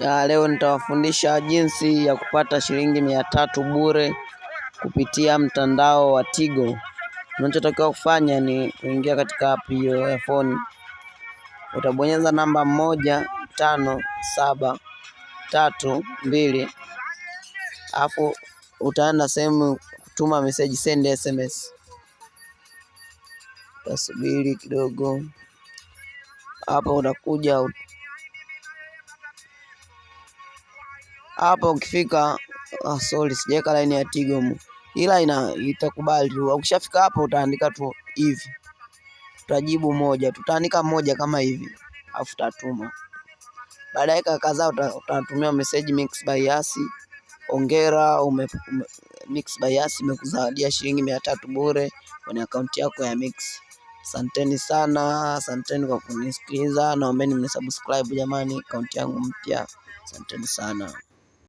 Ya leo nitawafundisha jinsi ya kupata shilingi mia tatu bure kupitia mtandao wa Tigo. Unachotakiwa kufanya ni kuingia katika app hiyo ya phone, utabonyeza namba moja tano saba tatu mbili, alafu utaenda sehemu kutuma message, send SMS. Utasubiri kidogo hapo, utakuja hapo ukifika, ah, sorry sijaweka line ya Tigo mu, ila ina itakubali tu. Ukishafika hapo utaandika tu hivi, tutajibu moja, tutaandika moja kama hivi, afu tatuma Baada ya kadhaa utatumia message Mix by Yasi, ongera ume, ume, Mix by Yasi imekuzawadia shilingi mia tatu bure kwenye akaunti yako ya Mix. Asanteni sana, asanteni kwa kunisikiliza, naombeni mnisubscribe jamani, akaunti yangu mpya. Asanteni sana.